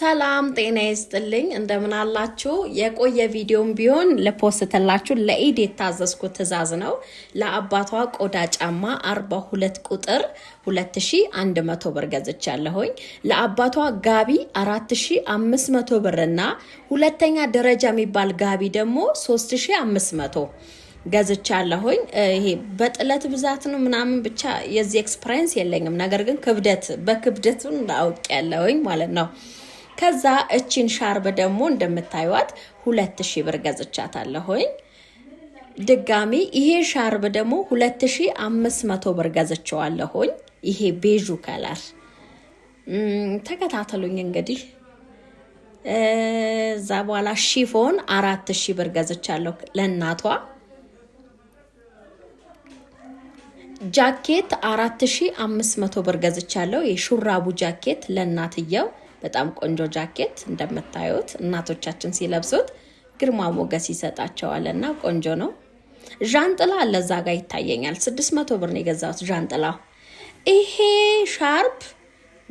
ሰላም ጤና ይስጥልኝ። እንደምን አላችሁ? የቆየ ቪዲዮም ቢሆን ለፖስትላችሁ ለኢድ የታዘዝኩ ትዕዛዝ ነው። ለአባቷ ቆዳ ጫማ 42 ቁጥር 2100 ብር ገዝቻለሁኝ። ለአባቷ ጋቢ 4500 ብር እና ሁለተኛ ደረጃ የሚባል ጋቢ ደግሞ 3500 ገዝቻለሁኝ። ይሄ በጥለት ብዛት ነው ምናምን ብቻ የዚህ ኤክስፐሪንስ የለኝም። ነገር ግን ክብደት በክብደቱን ያለውኝ ማለት ነው። ከዛ እቺን ሻርብ ደግሞ እንደምታዩት ሁለት ሺ ብር ገዝቻታለሁኝ። ድጋሚ ይሄ ሻርብ ደግሞ ሁለት ሺ አምስት መቶ ብር ገዝቼዋለሁኝ። ይሄ ቤዥ ከለር ተከታተሉኝ እንግዲህ እዛ በኋላ ሺፎን አራት ሺ ብር ገዝቻለሁ ለእናቷ። ጃኬት አራት ሺ አምስት መቶ ብር ገዝቻለሁ። የሹራቡ ጃኬት ለእናትየው በጣም ቆንጆ ጃኬት እንደምታዩት እናቶቻችን ሲለብሱት ግርማ ሞገስ ይሰጣቸዋል እና ቆንጆ ነው። ዣንጥላ አለ እዛ ጋ ይታየኛል። ስድስት መቶ ብር ነው የገዛሁት ዣንጥላ። ይሄ ሻርፕ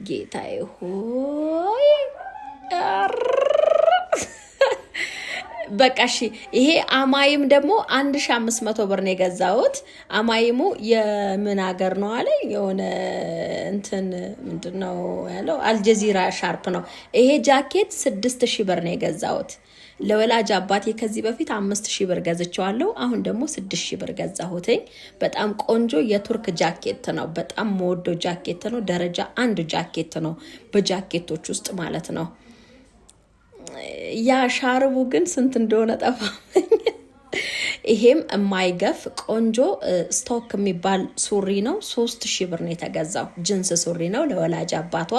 ጌታ ይሆ በቃ እሺ፣ ይሄ አማይም ደግሞ አንድ ሺ አምስት መቶ ብር ነው የገዛሁት። አማይሙ የምን ሀገር ነው አለ የሆነ እንትን ምንድን ነው ያለው አልጀዚራ ሻርፕ ነው። ይሄ ጃኬት ስድስት ሺ ብር ነው የገዛሁት። ለወላጅ አባቴ ከዚህ በፊት አምስት ሺ ብር ገዝቼዋለሁ። አሁን ደግሞ ስድስት ሺ ብር ገዛሁትኝ። በጣም ቆንጆ የቱርክ ጃኬት ነው። በጣም መወዶ ጃኬት ነው። ደረጃ አንድ ጃኬት ነው፣ በጃኬቶች ውስጥ ማለት ነው። ያ ሻርቡ ግን ስንት እንደሆነ ጠፋመኝ። ይሄም የማይገፍ ቆንጆ ስቶክ የሚባል ሱሪ ነው። ሶስት ሺ ብር ነው የተገዛው። ጅንስ ሱሪ ነው ለወላጅ አባቷ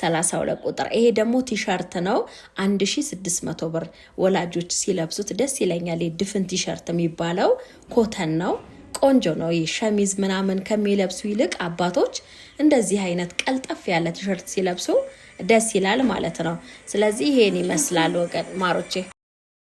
32 ቁጥር። ይሄ ደግሞ ቲሸርት ነው 1600 ብር። ወላጆች ሲለብሱት ደስ ይለኛል። ድፍን ቲሸርት የሚባለው ኮተን ነው ቆንጆ ነው። ይህ ሸሚዝ ምናምን ከሚለብሱ ይልቅ አባቶች እንደዚህ አይነት ቀልጠፍ ያለ ቲሸርት ሲለብሱ ደስ ይላል ማለት ነው። ስለዚህ ይሄን ይመስላል ወገን ማሮቼ።